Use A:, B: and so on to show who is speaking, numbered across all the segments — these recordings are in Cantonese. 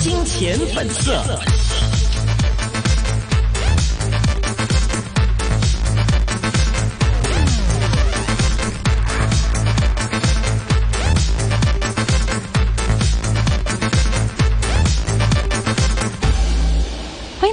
A: 金錢本色。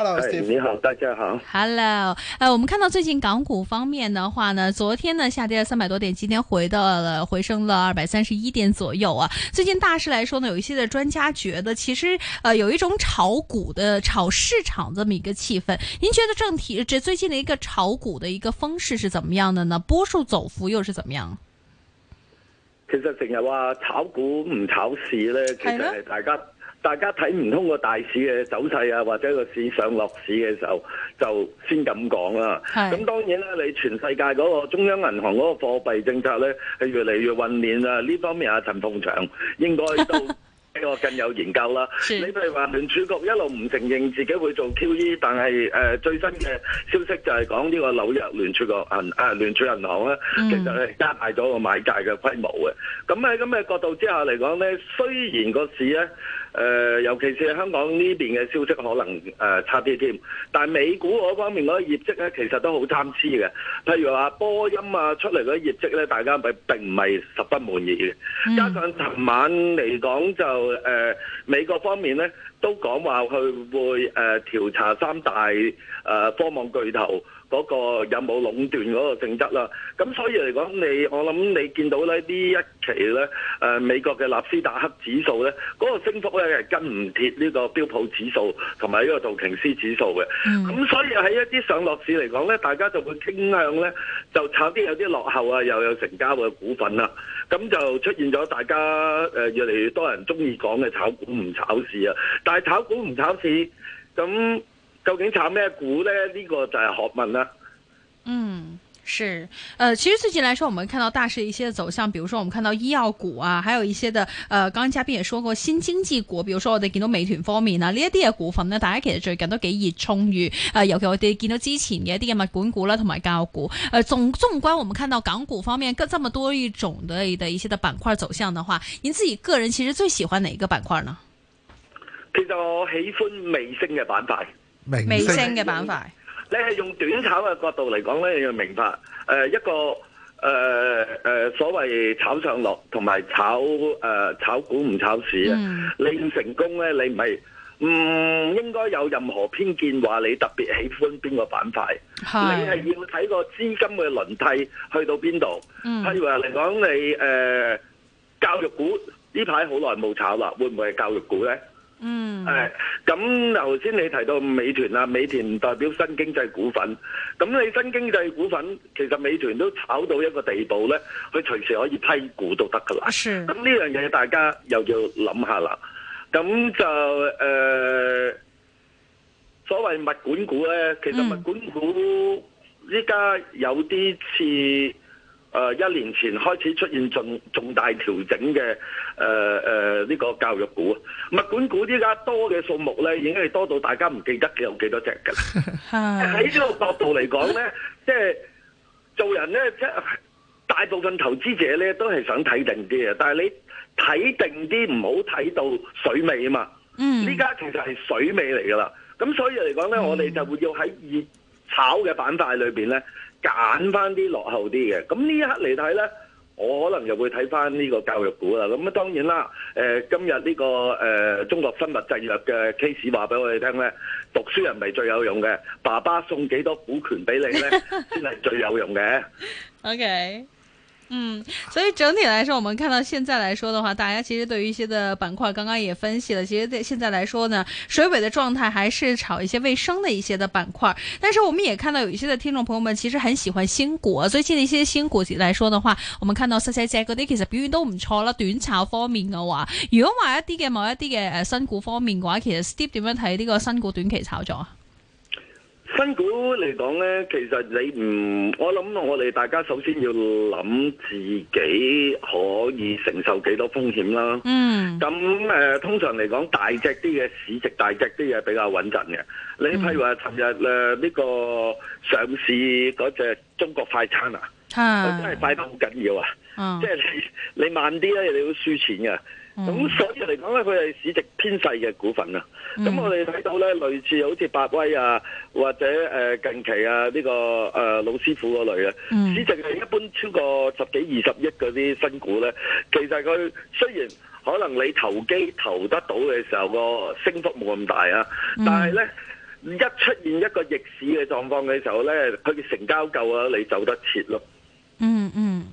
A: Hello，hey，
B: 你好，大家好。Hello，呃，我們看到最近港股方面的話呢，昨天呢下跌了三百多點，今天回到了回升了二百三十一點左右啊。最近大勢來說呢，有一些的專家覺得，其實呃有一種炒股的炒市場這麼一個氣氛。您覺得整體這最近的一個炒股的一個方式是怎麼樣的呢？波數走幅又是怎麼樣？其
A: 實成日話炒股唔炒市呢，其實係大家。大家睇唔通個大市嘅走勢啊，或者個市上落市嘅時候，就先咁講啦。咁是當然啦，你全世界嗰個中央銀行嗰個貨幣政策咧，係越嚟越混亂啊！呢方面啊，陳鳳祥應該都比我更有研究啦。 你譬如話聯儲局一路唔承認自己會做 QE，但係誒、呃、最新嘅消息就係講呢個紐約聯儲局銀、啊、聯儲銀行咧，其實係加大咗個買債嘅規模嘅。咁喺咁嘅角度之下嚟講咧，雖然個市咧，誒、呃，尤其是香港呢邊嘅消息可能誒、呃、差啲添，但係美股嗰方面嗰啲業績咧，其實都好參差嘅。譬如話波音啊出嚟嗰啲業績咧，大家咪並唔係十分滿意嘅。加上琴晚嚟講就誒、呃、美國方面咧，都講話佢會誒、呃、調查三大誒、呃、科網巨頭。嗰個有冇壟斷嗰個性質啦？咁所以嚟講，你我諗你見到咧呢一期咧、呃，美國嘅納斯達克指數咧，嗰、嗰個升幅咧係跟唔貼呢個標普指數同埋呢個道瓊斯指數嘅。咁、嗯、所以喺一啲上落市嚟講咧，大家就會傾向咧就炒啲有啲落後啊，又有成交嘅股份啦、啊。咁就出現咗大家、呃、越嚟越多人中意講嘅炒股唔炒市啊！但係炒股唔炒市咁。究竟炒咩股呢？呢、這個就係學
B: 問啦。嗯，是，誒、呃，其實最近來說，我們看到大市一些走向，比如說我們看到醫藥股啊，還有一些的，誒、呃，剛剛嘉賓也說過新經濟股，比如說我哋見到美團方面啊，呢一啲嘅股份呢，大家其實最近都幾熱衷於，誒、呃，尤其我哋見到之前嘅一啲嘅物管股啦同埋教股，誒、呃，縱縱觀我們看到港股方面各這麼多一種嘅一啲一些嘅板塊走向嘅話，您自己個人其實最喜歡哪一個板塊呢？其實我
A: 喜歡尾聲嘅板塊。
B: 微
A: 升嘅板塊，你係用短炒嘅角度嚟講咧，你要明白誒、呃、一個誒誒、呃呃、所謂炒上落同埋炒誒、呃、炒股唔炒市啊、嗯！你成功咧，你唔係唔應該有任何偏見話你特別喜歡邊個板塊，是你係要睇個資金嘅輪替去到邊度。嗯、譬如話嚟講，你誒、呃、教，教育股呢排好耐冇炒啦，會唔會係教育股咧？嗯，係，咁頭先你提到美團啊，美團唔代表新經濟股份，咁你新經濟股份其實美團都炒到一個地步咧，佢隨時可以批股都得噶啦。咁呢樣嘢大家又要諗下啦。咁就誒，所謂物管股咧，其實物管股依家有啲似。誒、呃、一年前開始出現重重大調整嘅，誒誒呢個教育股啊、物管股依家多嘅數目咧已經係多到大家唔記得有幾多隻噶啦。喺 呢個角度嚟講咧，即係 做人咧，即係大部分投資者咧都係想睇定啲嘅，但係你睇定啲唔好睇到水尾啊嘛。嗯，依家其實係水尾嚟噶啦，咁所以嚟講咧，嗯、我哋就會要喺熱炒嘅板塊裏邊咧。揀翻啲落後啲嘅，咁呢一刻嚟睇呢，我可能又會睇翻呢個教育股啦。咁啊，當然啦，誒、呃，今日呢、這個誒、呃、中國生物製藥嘅 case 話俾我哋聽呢，讀書人唔係最有用嘅，爸爸送幾多股權俾你呢，先係 最有用嘅。
B: Okay. 嗯，所以整體來說，我們看到現在來說的話，大家其實對於一些的板塊，剛剛也分析了。其實，在現在來說呢，水尾的狀態還是炒一些尾聲的一些的板塊。但是，我們也看到有一些的聽眾朋友們其實很喜歡新股。最近的一些新股來說的話，我們看到 C C J 嗰啲其實表現都唔錯啦。短炒方面嘅話，如果話一啲嘅某一啲嘅、誒新股方面嘅話，其實 Steve 點樣睇呢個新股短期炒作啊？
A: 新股嚟講咧，其實你唔，我諗我哋大家首先要諗自己可以承受幾多風險啦。嗯，咁、呃、通常嚟講，大隻啲嘅市值大隻啲嘢比較穩陣嘅。你譬如話，尋日呃、呢個上市嗰隻中國快餐啊，
B: 啊真係
A: 快得好緊要啊！即係你你慢啲咧，你都輸錢嘅。咁所以嚟講咧，佢係市值偏細嘅股份啊。咁我哋睇到咧，類似好似百威啊，或者誒近期啊呢、這個誒、啊、老師傅嗰類啊，市值係一般超過十幾二十億嗰啲新股咧。其實佢雖然可能你投機投得到嘅時候，個升幅冇咁大啊，但係咧一出現一個逆市嘅狀況嘅時候咧，佢嘅成交夠啊，你走得切咯。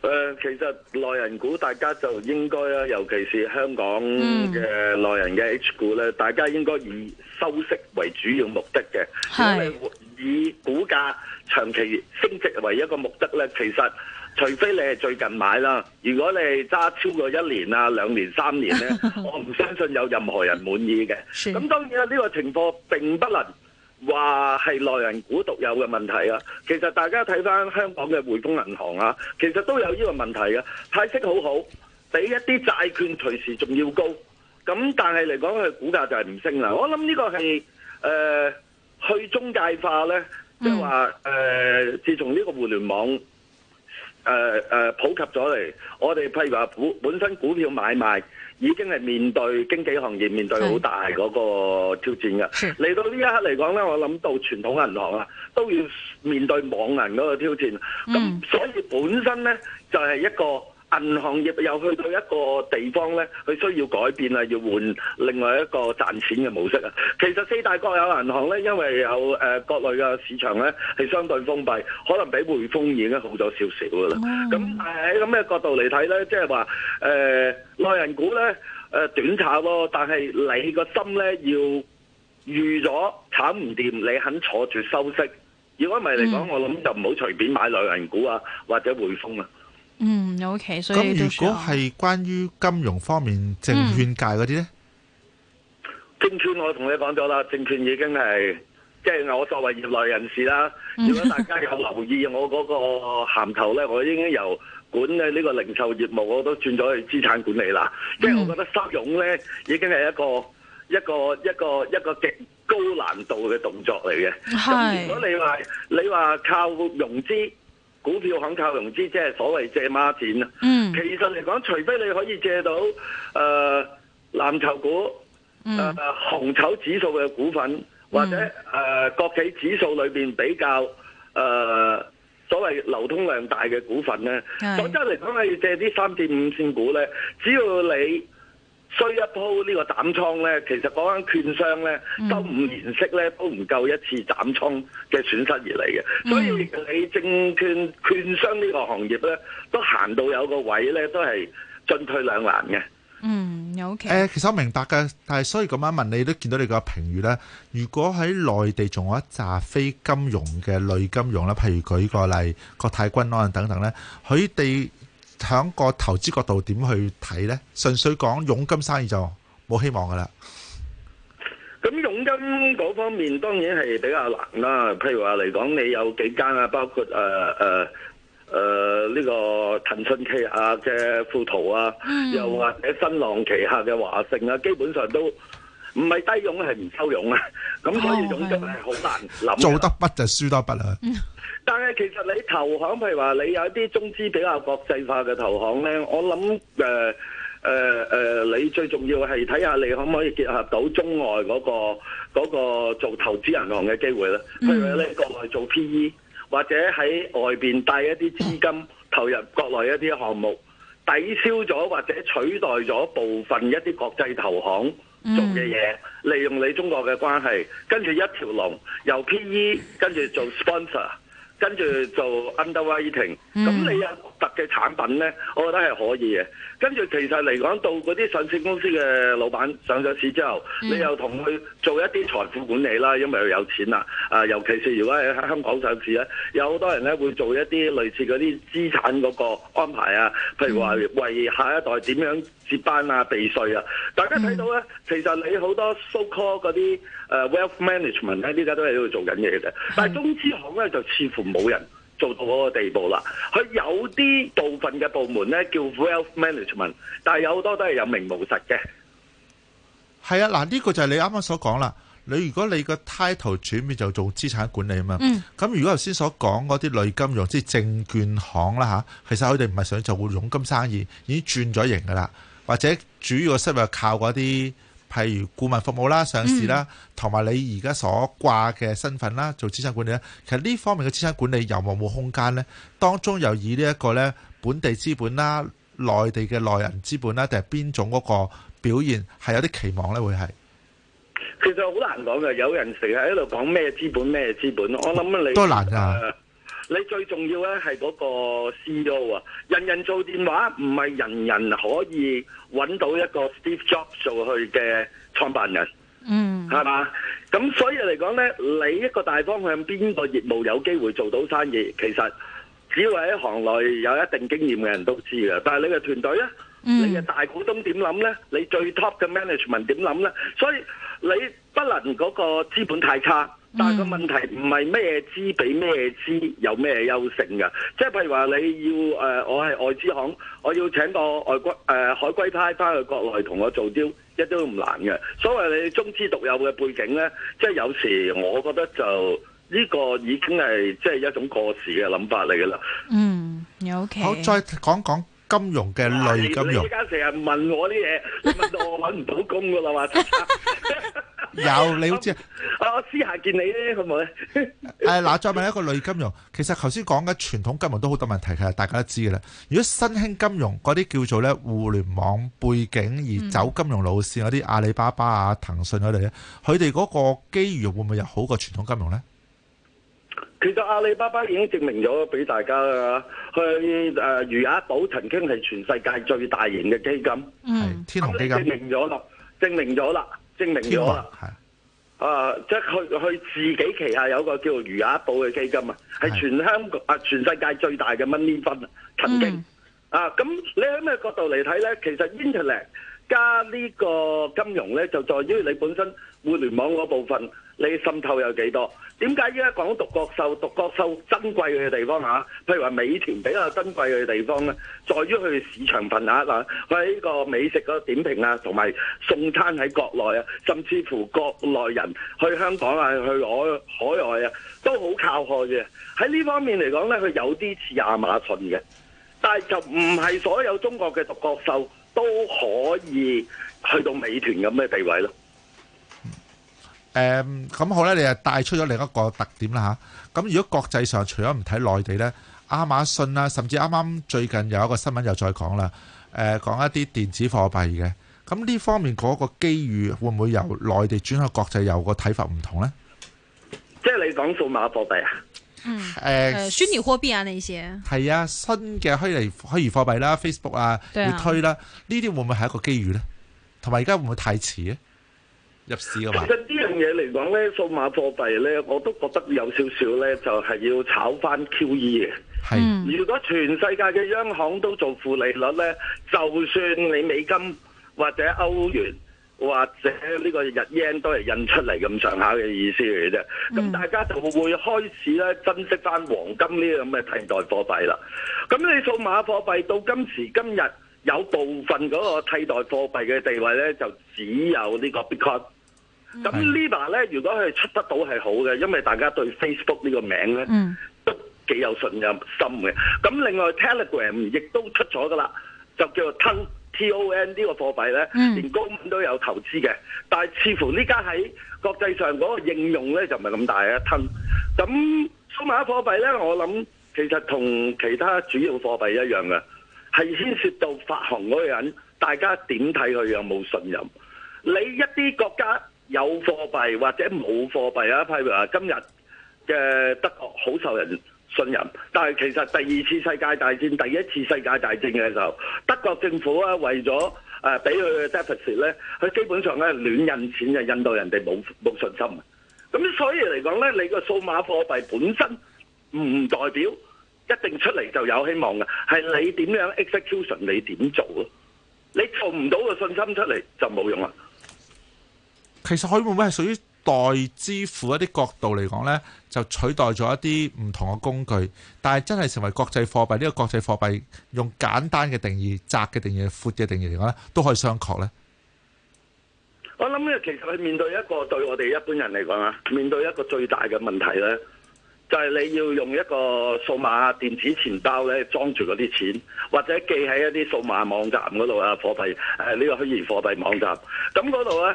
A: 誒、呃，其實內人股大家就應該啦，尤其是香港嘅內人嘅 H 股咧，嗯、大家應該以收息為主要目的嘅，因為是以股價長期升值為一個目的咧,其實除非你係最近買啦,如果你係揸超過一年啊、兩年、三年咧,我唔相信有任何人滿意嘅。咁 當然啦,呢、這個情況並不能。話係內銀股獨有嘅問題啊，其實大家睇翻香港嘅匯豐銀行啊，其實都有呢個問題啊，派息好好，比一啲債券隨時仲要高，咁但係嚟講佢股價就係唔升啦。我諗呢個係誒、呃、去中介化呢，即係話誒自從呢個互聯網誒誒、呃呃、普及咗嚟，我哋譬如話股本身股票買賣。已經係面對經紀行業面對好大嗰個挑戰嘅，嚟是到呢一刻嚟講呢，我諗到傳統銀行啊，都要面對網銀嗰個挑戰，咁、嗯、所以本身呢，就係、是、一個。銀行業又去到一個地方咧，佢需要改變啦，要換另外一個賺錢嘅模式啊！其實四大國有銀行咧，因為有誒國內嘅市場咧係相對封閉，可能比匯豐已經好咗少少噶啦。咁但係喺咁嘅角度嚟睇咧，即係話誒，內銀股咧誒短炒咯，但係你個心咧要預咗炒唔掂，你肯坐住收息。如果唔係嚟講，我諗就唔好隨便買內銀股啊，或者匯豐啊。嗯、
B: mm，OK，所、so、以如果係
C: 關於金融方面、證券界嗰啲咧，
A: 證券、嗯嗯、我同你講咗啦，證券已經係即係我作為業內人士啦。如果大家有留意我嗰個銜頭咧，我已經由管嘅呢個零售業務，我都轉咗去資產管理啦。即係、嗯、我覺得收佣咧，已經係一個一個一個一個極高難度嘅動作嚟嘅。咁是如果你話你話靠融資？股票肯靠融資，即係所謂借孖展啦。嗯、其實嚟講，除非你可以借到誒、呃、藍籌股、誒、呃、紅籌指數嘅股份，嗯、或者誒國、呃、企指數裏邊比較誒、呃、所謂流通量大嘅股份咧。否則嚟講，你要借啲三線、五線股咧，只要你。衰一鋪呢個斬倉咧，其實嗰間券商咧都五年息咧都唔夠一次斬倉嘅損失而嚟嘅，所以喺證券券商呢個行業咧都行到有個位咧，都係進退兩難嘅。嗯，
B: 有其誒，其
C: 實我明白嘅，但係所以咁樣問你都見到你個評語咧。如果喺內地仲有一扎非金融嘅類金融咧，譬如舉個例國泰君安等等咧，佢哋。喺個投資角度點去睇咧？純粹講傭金生意就冇希望噶啦。
A: 咁傭金嗰方面當然係比較難啦。譬如話嚟講，你有幾間啊？包括誒誒誒呢個騰訊旗下嘅富途啊，又或者新浪旗下嘅華盛啊，基本上都唔係低傭係唔收傭啊。咁所以傭金係好難諗。做得筆
C: 就輸多筆啦。
A: 但係其實你投行，譬如話你有一啲中資比較國際化嘅投行呢，我諗誒誒誒，你最重要係睇下你可唔可以結合到中外嗰個嗰個做投資銀行嘅機會咧，去喺呢國內做 PE，或者喺外邊帶一啲資金投入國內一啲項目，抵消咗或者取代咗部分一啲國際投行做嘅嘢，利用你中國嘅關係，跟住一條龍由 PE 跟住做 sponsor。跟住做 underwriting，咁你有獨特嘅產品咧，我覺得係可以嘅。跟住其實嚟講，到嗰啲上市公司嘅老闆上咗市之後，你又同佢做一啲財富管理啦，因為佢有錢啦。啊、呃，尤其是如果係喺香港上市咧，有好多人咧會做一啲類似嗰啲資產嗰個安排啊，譬如話為下一代點樣接班啊、避稅啊。大家睇到咧，嗯、其實你好多 so called 嗰啲誒 wealth management 咧，依家都喺度做緊嘢嘅。但係中資行咧就似乎冇人做到嗰個地步啦，佢有啲部分嘅部門呢，叫 wealth management，但係有好多都係有名無實
C: 嘅。係啊，嗱、這、呢個就係你啱啱所講啦。你如果你個 title 轉變就做資產管理啊嘛，咁、嗯、如果頭先所講嗰啲類金融，即係證券行啦吓，其實佢哋唔係想做佣金生意，已經轉咗型噶啦，或者主要嘅收入靠嗰啲。譬如顧問服務啦、上市啦，同埋、嗯、你而家所掛嘅身份啦，做資產管理啦。其實呢方面嘅資產管理有冇冇空間呢？當中又以呢一個咧本地資本啦、內地嘅內人資本啦，定係邊種嗰個表現係有啲期望呢？會係
A: 其實好難講嘅，有人成日喺度講咩資本咩資本，我諗你都難啊！你最重要咧係嗰個 CEO 啊！人人做電話，唔係人人可以揾到一個 Steve Jobs 做佢嘅創辦人，嗯，係嘛？咁所以嚟講咧，你一個大方向邊個業務有機會做到生意，其實只要喺行內有一定經驗嘅人都知嘅。但係你嘅團隊咧，你嘅大股東點諗咧？你最 top 嘅 management 點諗咧？所以你不能嗰個資本太差。嗯、但係個問題唔係咩資俾咩資有咩優勝噶即係譬如話你要誒、呃，我係外資行，我要請個外誒、呃、海歸派翻去國內同我做招，一啲都唔難嘅。所謂你中資獨有嘅背景咧，即係有時我覺得就呢、這個已經係即係一種過時嘅諗法嚟噶啦嗯，OK。好，再
C: 講講金融嘅類金融。依家
A: 成日問我啲嘢，你問到我搵唔到工噶啦嘛？ 有你好知，我私下見你咧，係咪？誒，
C: 嗱，再問一個類金融，其實頭先講緊傳統金融都好多問題，其實大家都知噶啦。如果新興金融嗰啲叫做咧，互聯網背景而走金融路線嗰啲阿里巴巴啊、騰訊嗰度咧，佢哋嗰個機遇會唔會又好過傳統金融咧？
A: 其實阿里巴巴已經證明咗俾大家啦，去誒餘額寶曾經係全世界最大型嘅基金，嗯，
C: 天弘基金證明
A: 咗咯，證明咗啦。證明咗啦，哪啊，即係佢佢自己旗下有一個叫做餘額寶嘅基金啊，係全香港啊，全世界最大嘅 money fund，曾經、嗯、啊，咁你喺咩角度嚟睇咧？其實 internet 加呢個金融咧，就在於你本身互聯網嗰部分。你滲透有幾多？點解依家講獨角獸、獨角獸珍貴嘅地方嚇？譬如話美團比較珍貴嘅地方咧，在於佢市場份額啊，喺呢個美食個點評啊，同埋送餐喺國內啊，甚至乎國內人去香港啊，去海海外啊，都好靠害嘅。喺呢方面嚟講咧，佢有啲似亞馬遜嘅，但係就唔係所有中國嘅獨角獸都可以去到美團咁嘅地位咯。
C: 誒，咁、嗯、好啦，你又帶出咗另一個特點啦吓。咁、啊、如果國際上除咗唔睇內地呢，亞馬遜啦，甚至啱啱最近有一個新聞又再講啦，誒、啊，講一啲電子貨幣嘅。咁呢方面嗰個機遇會唔會由內地轉去國際有個睇法唔同呢？
A: 即係你講數碼貨幣啊？嗯。誒、
B: 啊，虛擬貨幣啊，呢啲。
C: 係啊，新嘅虛擬虛擬貨幣啦，Facebook 啊，啊要推啦，呢啲會唔會係一個機遇呢？同埋而家會唔會太遲啊？入市嘅話。
A: 嘢嚟講咧，數碼貨幣咧，我都覺得有少少咧，就係要炒翻 QE 嘅。係，如果全世界嘅央行都做負利率咧，就算你美金或者歐元或者呢個日元都係印出嚟咁上下嘅意思嚟啫。咁、嗯、大家就會開始咧珍惜翻黃金呢個咁嘅替代貨幣啦。咁你數碼貨幣到今時今日有部分嗰個替代貨幣嘅地位咧，就只有呢個 Bitcoin 咁 Libra 咧，如果佢出得到係好嘅，因為大家對 Facebook 呢個名咧都幾有信任心嘅。咁另外 Telegram 亦都出咗噶啦，就叫做 Ton T, on, T O N 個呢個貨幣咧，連高文都有投資嘅。但係似乎呢家喺國際上嗰個應用咧就唔係咁大嘅 Ton 咁數碼貨幣咧，我諗其實同其他主要貨幣一樣嘅，係牽涉到發行嗰個人，大家點睇佢有冇信任？你一啲國家。有貨幣或者冇貨幣啊，譬如今日嘅德國好受人信任，但係其實第二次世界大戰，第一次世界大戰嘅時候，德國政府啊為咗誒俾佢嘅 deficit 咧，佢、啊、基本上咧亂印錢，就印到人哋冇冇信心。咁所以嚟講咧，你個數碼貨幣本身唔代表一定出嚟就有希望嘅，係你點樣 execution，你點做咯？你做唔到個信心出嚟就冇用啦。
C: 其實佢會唔會係屬於代支付一啲角度嚟講呢，就取代咗一啲唔同嘅工具，但係真係成為國際貨幣呢個國際貨幣用簡單嘅定義、窄嘅定義、闊嘅定義嚟講呢，都可以商榷呢
A: 我諗呢，想其實係面對一個對我哋一般人嚟講啊，面對一個最大嘅問題呢，就係、是、你要用一個數碼電子錢包呢裝住嗰啲錢，或者寄喺一啲數碼網站嗰度啊貨幣誒呢個虛擬貨幣網站咁嗰度呢。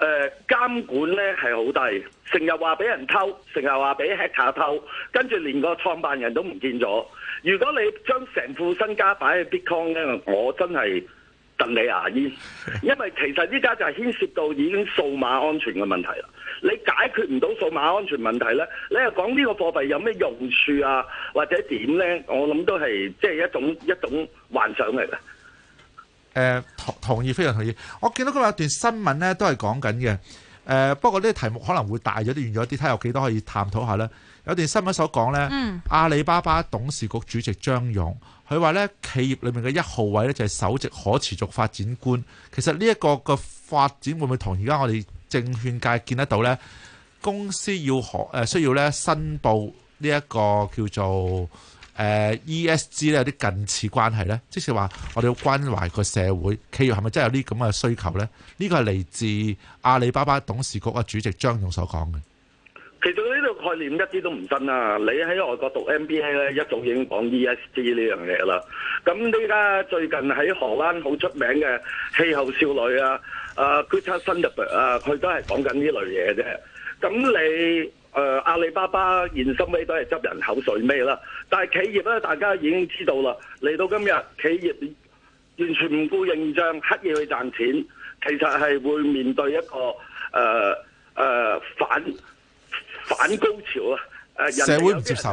A: 誒監管咧係好低，成日話俾人偷，成日話俾黑客偷，跟住連個創辦人都唔見咗。如果你將成副身家擺喺 Bitcoin 咧，我真係戥你牙煙。因為其實依家就係牽涉到已經數碼安全嘅問題啦。你解決唔到數碼安全問題咧，你又講呢個貨幣有咩用處啊？或者點咧？我諗都係即係一種一種幻想嚟嘅。
C: 誒、呃，同意非常同意。我見到今日有段新聞咧，都係講緊嘅。誒、呃，不過呢個題目可能會大咗啲，遠咗啲，睇下有幾多可以探討下啦。有段新聞所講咧，嗯、阿里巴巴董事局主席張勇，佢話咧企業裏面嘅一號位咧就係、是、首席可持續發展官。其實呢一個嘅發展會唔會同而家我哋證券界見得到咧？公司要學誒、呃，需要咧申報呢一個叫做。誒、呃、ESG 咧有啲近似關係咧，即是話我哋要關懷個社會企業係咪真係有啲咁嘅需求咧？呢個係嚟自阿里巴巴董事局啊主席張勇所講嘅。
A: 其實呢個概念一啲都唔新啊。你喺外國讀 MBA 咧，一早已經講 ESG 呢樣嘢啦。咁呢家最近喺荷蘭好出名嘅氣候少女啊，啊 Greta Thunberg 啊，佢都係講緊呢類嘢啫。咁你？誒、呃、阿里巴巴、現今尾都係執人口水尾啦，但係企業咧、啊，大家已經知道啦。嚟到今日，企業完全唔顧形象，刻意去賺錢，其實係會面對一個誒、呃呃、反反高潮啊！社會唔接受，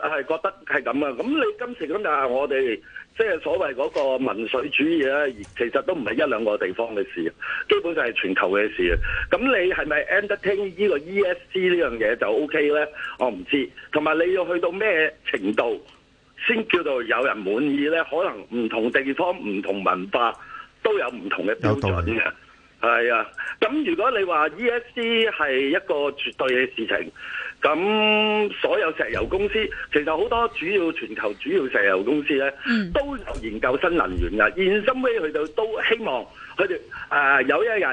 A: 係覺得係咁啊！咁你今時今日我哋即係所謂嗰個民粹主義咧，其實都唔係一兩個地方嘅事，基本上係全球嘅事啊！咁你係咪 end 得聽呢個 ESC 呢樣嘢就 OK 呢？我唔知，同埋你要去到咩程度先叫做有人滿意呢？可能唔同地方、唔同文化都有唔同嘅標準嘅，係啊！咁如果你話 ESC 係一個絕對嘅事情。咁、嗯、所有石油公司，其實好多主要全球主要石油公司咧，都有研究新能源噶。現今咧，佢哋都希望佢哋誒有一日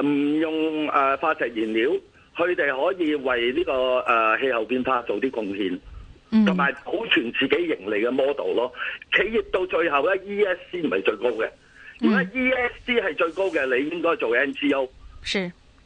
A: 唔、嗯、用誒、呃、化石燃料，佢哋可以為呢、呢個誒、呃、氣候變化做啲貢獻，
B: 同埋、嗯、
A: 保存自己盈利嘅 model 咯。企業到最後咧，E S C 唔係最高嘅，而家 E S,、嗯、E S C 係最高嘅，你應該做 N G O。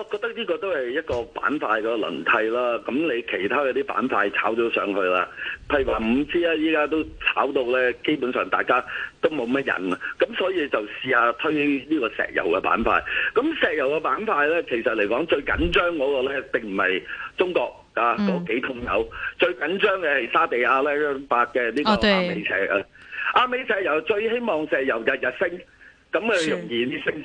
A: 我覺得呢個都係一個板塊個輪替啦，咁你其他有啲板塊炒咗上去啦，譬如話五 G 啊，依家都炒到咧，基本上大家都冇乜人啦，咁所以就試下推呢個石油嘅板塊。咁石油嘅板塊咧，其實嚟講最緊張嗰個咧，定唔係中國啊嗰幾桶油，嗯、最緊張嘅係沙地阿拉、這個、約、哦、嘅呢個阿美石油。阿美石油最希望石油日日升，咁啊容易升。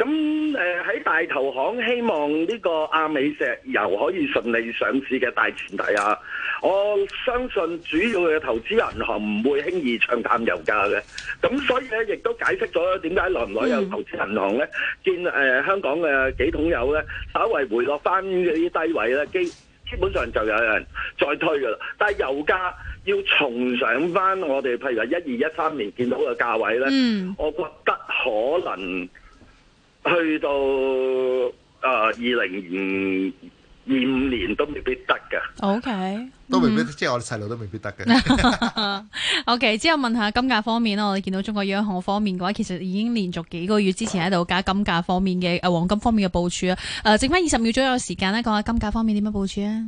A: 咁誒喺大投行希望呢個阿美石油可以順利上市嘅大前提啊，我相信主要嘅投資銀行唔會輕易唱淡油價嘅。咁所以咧，亦都解釋咗點解耐唔耐有投資銀行咧見、呃、香港嘅幾桶油咧，稍微回落翻嗰啲低位咧，基基本上就有人再推噶啦。但係油價要重上翻我哋譬如話一二一三年見到嘅價位咧，嗯、我覺得可能。去到啊二零二五年都未必得
B: 噶，OK，都未必
C: 即係我哋細路都未必得嘅。就
B: 是、得 OK，之後問下金價方面啦。我哋見到中國央行方面嘅話，其實已經連續幾個月之前喺度加金價方面嘅啊黃金方面嘅部署啊，誒、呃，剩翻二十秒左右時間咧，講下金價方面點樣部署啊。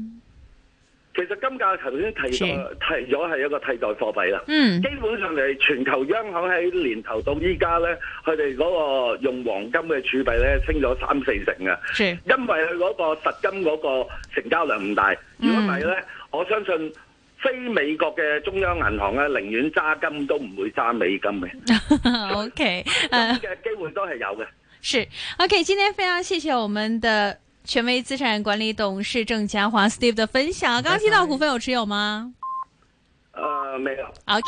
A: 其實金價頭先提咗，是提咗係一個替代貨幣啦。嗯，基本上嚟，全球央行喺年頭到依家咧，佢哋嗰個用黃金嘅儲備咧，升咗三四成啊。是因為佢嗰個實金嗰個成交量唔大。如果唔係咧，嗯、我相信非美國嘅中央銀行咧，寧願揸金都唔會揸美金嘅。
B: O K，咁嘅機會都係有嘅。是，OK，今天非常謝謝我們的。權威資產管理董事鄭家華，Steve 的分享。剛剛聽到股份有持有嗎？呃，uh, 沒有。OK。